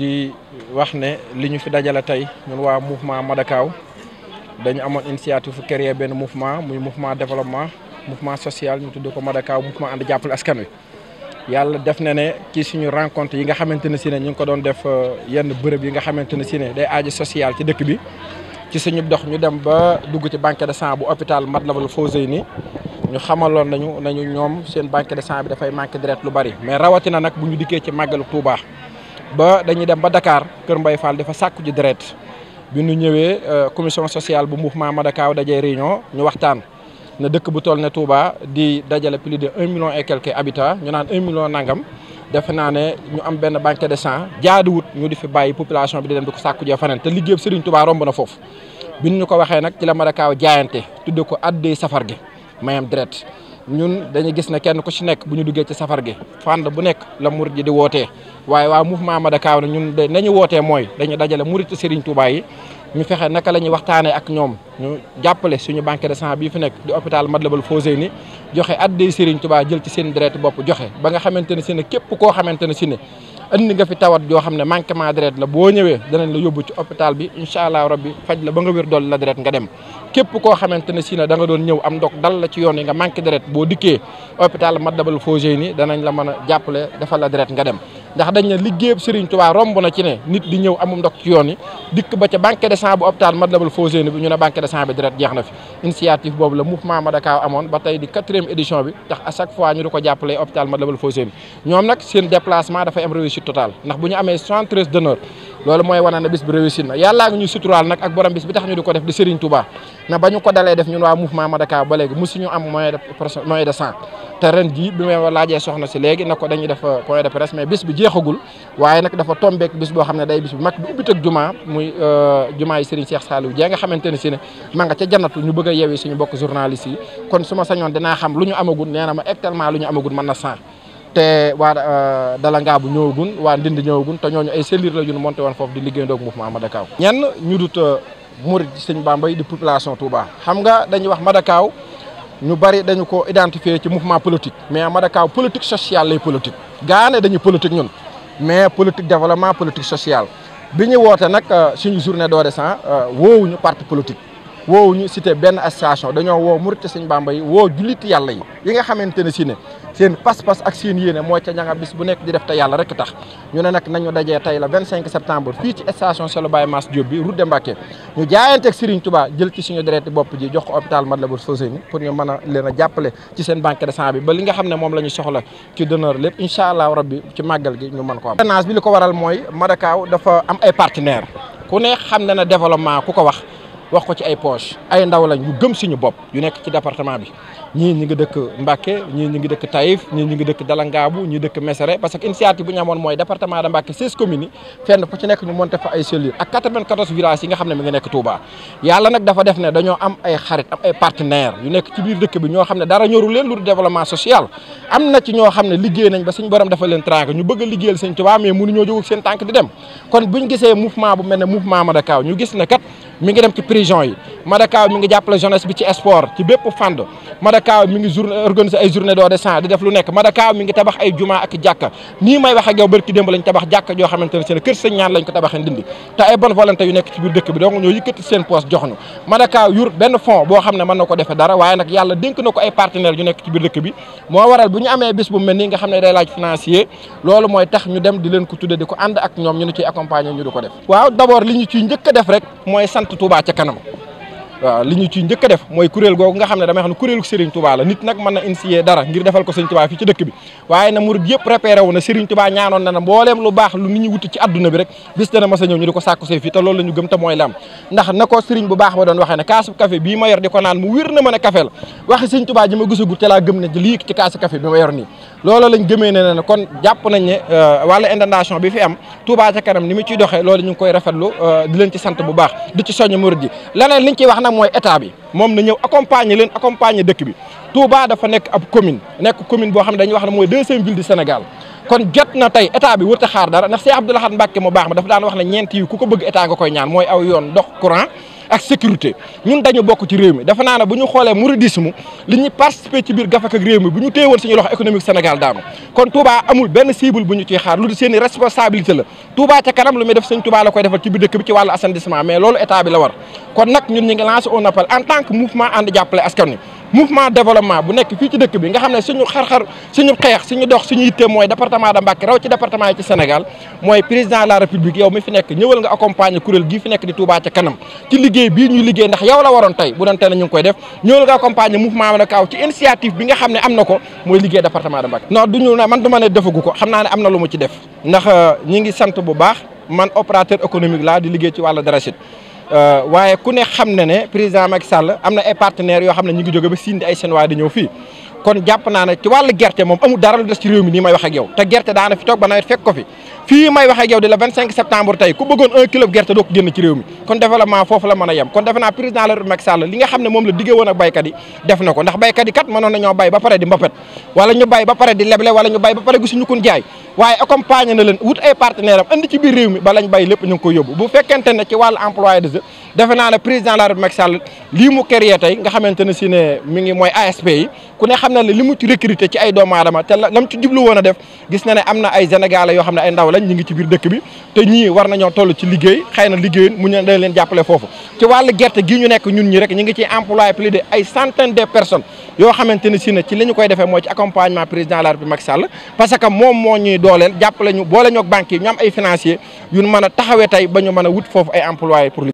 di wax ne li ñu fi dajale tey ñun waa mouvement Madakaw dañu amoon initiative fu créer benn mouvement muy mouvement développement mouvement social ñu tudd ko Madakaw mouvement ànd jàppale askan wi. yàlla def na ne ci suñu rencontre yi nga xamante ne si ne ñu ngi ko doon def euh, yenn bërëb yi nga xamante ne si ne day aaji social ci dëkk bi ci suñu dox ñu dem ba dugg ci banque de sang bu hôpital Matlaboul Fawzeyni ñu xamaloon nañu nañu ñoom seen banque de sang bi dafay manqué lu bari mais rawatina nag bu ñu dikkee ci màggalu ba dañuy dem ba dakaar Kër mbay Fall dafa sàkku ji deret bi ñu ñëwee euh, commission sociale bu mouvement Madakaw dajee réunion ñu waxtaan na dëkk bu toll ne Touba di dajale plus de un million et quelques habitants ñu naan un million nangam defe naa ne ñu am benn banque de sang jaaduwut ñu di fi bàyyi population bi di dem di ko sàkku jee faneen te liggéey Serigne Touba romb na foofu bi ñu ko waxee nag ci la Madakaw jaayante tudde ko addee safar gi mayam deret ñun dañuy gis ne kenn ku ci nekk bu ñu duggee ci safar gi fànn bu nekk la murid ji di wootee waaye waa mouvement Madakaw nag ñun nañu wootee mooy dañu dajale murit Serigne Touba yi ñu fexe naka la ñuy waxtaanee ak ñoom ñu jàppale suñu banque de sang bii fi nekk di hôpital Matlaboul Fawzeyni joxe addee Serigne Touba jël ci seen deret bopp joxe ba nga xamante ne si ne képp koo xamante ne si ne andi nga fi tawat yoo xam ne manquement deret la boo ñëwee danañ la yóbbu ci hôpital bi incha allah rabbi faj la ba nga wér dool la deret nga dem képp koo xamante ne si ne da doon ñëw am ndog dal la ci yoon yi nga manqué deret boo dikkee hôpital Matlaboul Fawzeyni danañ la mën a jàppale defal la deret nga dem ndax dañ ne liggéeyub Serigne Touba romb na ci ne nit di ñëw amum ndox ci yoon dikk ba ca banque de sang bu hôpital Matlaboul Fawzeyni bi ñu ne banque de sang bi deret jeex na fi initiative boobu la mouvement Madakaw amoon ba tey di quatrième édition bi tax à chaque fois ñu di ko jàppale hôpital Matlaboul Fawzeyni ñoom nag seen déplacement dafay am réussite totale ndax bu ñu amee 73 donneurs loolu mooy wane ne na ba ñu ko dalee jeexagul waaye nag dafa tombeek bis boo xam ne day bis bu bi ubbit ak juma muy euh, juma yi Serigne Cheikh Saliou jee nga xamante ne si ne ma nga ca janatu ñu bëgg a yeewee suñu bokk journaliste yi kon su ma sañoon dinaa xam lu ñu amagul nee na ma actuellement lu ñu amagul man na cent te waa euh, Dalanga bu ñëwagun waa Ndind ñëwagun te ñooñu ay selir la ñu monté woon foofu di liggéeyandoo ak mouvement Madakaw ñenn ñu dut euh, murid Serigne Bamba yi di population Touba xam nga dañuy wax Madakaw ñu bari dañu ko identifier ci mouvement politique mais Madakaw politique sociale lay politique gaa ne dañuy politique ñun mais politique développement politique social bi ñu woote nag euh, suñu journée don de sang woowuñu parti politique woowuñu cité benn association dañoo woo murit sëñ Bàmba yi woo julliti yàlla yi yi nga xamante ne si ne seen pas-pas ak seen yéene mooy ca ña nga bis bu nekk di def te yàlla rek tax ñu ne nag nañu dajee tey la cinq septembre fii ci station Selo Baye Mass Diop bi route de Mbacké ñu jaayanteeg Serigne tubaa jël ci suñu deret bopp ji jox ko hôpital Matlaboul Fawzeyni pour ñu mën a leen a jàppale ci seen banque de sang bi ba li nga xam ne moom la ñu soxla ci donneur lépp incha allah rabbi ci màggal gi ñu mën ko am. bi li ko waral mooy Madakaw dafa am ay partenaires ku ne xam na ne développement ku ko wax wax ko ci ay poche ay ndaw lañ yu gëm suñu bopp yu nekk ci département bi ñii ñi ngi dëkk Mbacké ñii ñi ngi dëkk Taïf ñii ñi ngi dëkk Dalangaabu ñii dëkk Mesere parce que initiative bu ñu amoon mooy département de Mbacké 16 nekk ñu monté fa ay cellules ak 94 villages yi nga xam ne mi ngi nekk Touba yàlla nag dafa def ne dañoo am ay xarit am ay partenaires yu nekk ci biir dëkk bi ñoo xam ne dara ñoru leen lu développement social am na ci ñoo xam ne liggéey nañ ba suñ borom ñu bëgg a liggéeyal sëñ Touba mais mënuñoo jóg seen tànk di dem kon buñ gisee mi ngi dem ci prison yi Madakaw mi ngi jàppale jeunesse bi ci sport ci bépp fànn Madakaw mi ngi organiser ay journée de descente di def lu nekk Madakaw mi ngi tabax ay juma ak jàkka nii may wax ak yow barki démb lañ tabax jàkka joo xamante ne seen kër sëñ ñaan lañ ko tabaxee ndindi te ay bonne yu nekk ci biir dëkk bi donc ñoo yëkkati seen poste jox ñu Madakaw benn fond boo xam ne mën na ko defee dara waaye nag yàlla dénk na ko ay partenaires yu nekk ci biir dëkk moo waral bu di leen ko tudde di ko ànd ak ñoom ñu nu ciy accompagner ñu di sant sant Touba ca kanam waaw li ñu ci njëkk a def mooy kuréel googu nga xam ne damay xam ne kuréelu Serigne Touba nit nag mën na initier dara ngir defal ko Serigne Touba fii ci dëkk bi waaye na murid yëpp repéré na Serigne Touba ñaanoon na mbooleem lu baax lu nit ñi wuti ci adduna bi rek bis dana mas a ñëw ñu di ko sàkku see fii te loolu la gëm te mooy lam ndax na ko Serigne bu baax ba doon waxee ne kaasu café bii ma yor di ko naan mu wér na ma ne café la waxi Serigne Touba euh, ciy doxee loolu ñu ngi koy rafetlu euh, di leen bu baax di ci ne mooy état bi moom na ñëw accompagner leen accompagner dëkk bi Touba dafa nekk ab commune nekk commune boo xam ne wax ne mooy deuxième ville du Sénégal kon jot na tey état bi wërta xaar dara ndax Cheikh Abdou Lahad Mbacké baax ma dafa daan wax ne ñeent yi ko bëgg état nga koy ñaan mooy aw yoon ndox courant ak sécurité ñun dañu bokk ci réew mi dafa naa bu ñu xoolee mu li ñuy participer ci biir gafak ak réew mi bu ñu téye woon suñu loxo économique Sénégal daanu kon Touba amul benn cible bu ñu ciy xaar lu di seen i responsabilité la Touba ca kanam lu muy def sëñ Touba la koy defal ci biir dëkk bi ci wàllu assainissement mais loolu état la war kon nag ñun ñu ngi lancer un en tant que mouvement ànd jàppale askan wi mouvement développement bu nekk fii ci dëkk bi nga xam ne suñu xar-xar suñu xeex ñu dox suñu yitte mooy département de Mbacké raw ci département yi ci Sénégal mooy président de la République yow mi fi nekk ñëwal nga accompagner kuréel gi fi nekk di Touba ca kanam ci liggéey bii ñuy liggéey ndax yow la waroon tey bu doon tey na ñu ngi koy def ñëwal nga accompagner mouvement na kaaw ci initiative bi nga xam ne am na ko mooy liggéey département de Mbacké non duñu ne man ma ne defagu ko xam naa ne am na lu mu ci def euh, ñi ngi sant bu baax man opérateur économique laa di liggéey ci wàllu darachide Euh, waaye ku ne xam na ne président Macky Sall am na ay partenaires yoo xam ne ñu ngi jóge ba Sine di ay Sénégal di ñëw fii. kon jàpp naa ne ci wàllu gerte moom amul dara lu des ci réew mi ni may wax ak yow te gerte daana fi toog ba nawet fekk ko fi fii may wax ak di la 25 septembre tey ku bëggoon un kilo gerte doo ko génn ci réew mi kon développement foofu la mën a kon defe naa président la Macky Sall li nga lii mu créé tey nga xamante na li mu ci recruté ci ay doomu aadama te lam ci jublu woon def gis na am na ay sénégalais yoo xam ne ay ndaw la lañ ñu ngi ci biir dëkk bi te ñii war nañoo toll ci liggéey xëy na liggéey mu ñu dañ leen jàppale foofu ci wàllu gerte gi ñu nekk ñun ñi rek ñu ngi ci employé plus de ay centaine de personnes yoo xamante ne si ci li koy defee mooy ci accompagnement président la République Macky Sall parce que moom moo ñuy dooleel jàppale ñu boole ñoog banque yi ñu ay financier yu ñu a taxawee tey ba ñu mën a wut foofu ay employé pour